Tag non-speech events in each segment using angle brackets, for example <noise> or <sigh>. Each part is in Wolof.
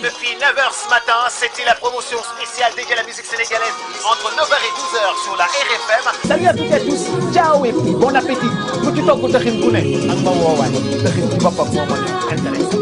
depuis 9h ce matin. C'était la promotion spéciale dès la musique sénégalaise entre 9h et 12h sur la RFM. Salut à puis bon appétit. Ku ci togg taxin ku ne ak ma woowaay taxin ci boppam moo ma intéressé.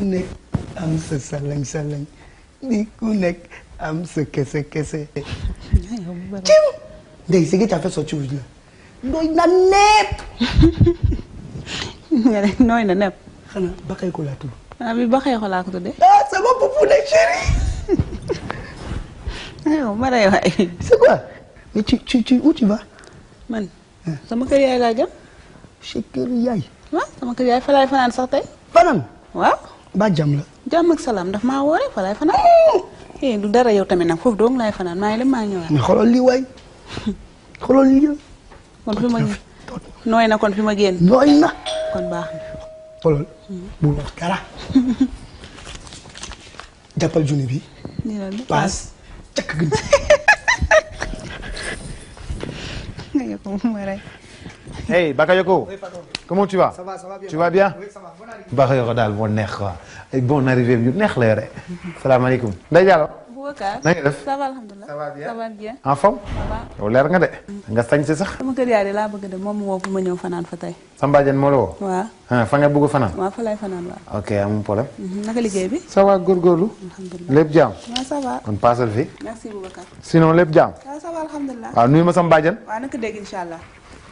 nekk am sa salañ salañ ni ku nekk am sa kese kese. tiw ndey si <laughs> nga caa sotti wuñ la. nooy na nepp. nga na nepp. xanaa Bakay ko laa ah, ko laa ko tuddee. ah ne chéri. aywa <laughs> ma lay tu tu tu où tu vas. man ah. sama kër yaay laa jëm. sa kër yaay. waaw ah, sama kër yaay fa fanaan sax tey. fanaan waaw. ba jàmm la. jàmm ak salaam ndax maa wooree fa laay fanaan. Mm. Eh, du dara yow tamit nag foofu dong laay fanaan maa ngi dem maa ñëwaat. mais <laughs> fi ma nooy na kon fi ma génn. nooy na. kon baax na. xoolal. Mm. <laughs> jàppal junni bi. nii la la paas càkk <laughs> nga ko mu rey. hey Bakayoko. comment tu vas. bien. tu daal moo neex quoi. bon neex la yore. salaamaaleykum. Ndeye Diallo. na nga def ça va alhamdulilah ça va bien ça va bien. en forme. yow leer nga de. nga sañ si sax. sama kër yaay de laa bëgg de moom woo fu ma fanaan fa tey. Samba moo la woo. waaw fa nga bëgg fanaan. waaw fa lay fanaan waaw. ok amul problème. Mhm, naka liggéey bi. ça va góorgóorlu. alhamdulilah lépp jaam. jaam. waaw ça va alhamdulilah. waaw nuyu dégg incha allah.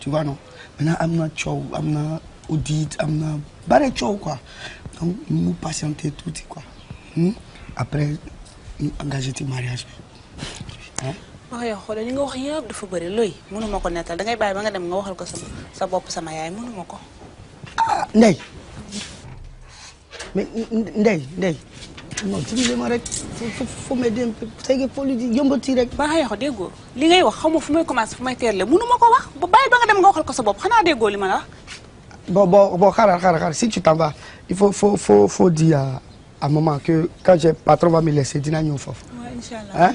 tu vois non am na coow am na audit am na bare coow quoi donc mu patienter tuuti quoi hmm? après ñu engagé ci mariage bi waaw yow xoolal li nga wax yëpp dafa bëri looy mënuma ko nettal dangay bàyyi ba nga dem nga waxal ko sama sa bopp sama yaay mënuma ko. ah Ndeye mais non dimbali ma rek fu fu may dem tey politique yëmbati rek. ba nga yàqu déggoo li ngay wax xaw ma fu may commencé fu may teerle mënu ma ko wax ba bàyyi ba nga dem nga waxal ko sa bopp xanaa déggoo li ma la wax. bon bon bon xaaral xaaral faut faut faut faut dire à maman que quand j'ai patron va me laisser dina ñëw foofu. waaw incha allah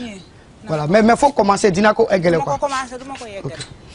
voilà mais mais faut commencer dina ko eggale quoi. dina ko commencer duma ko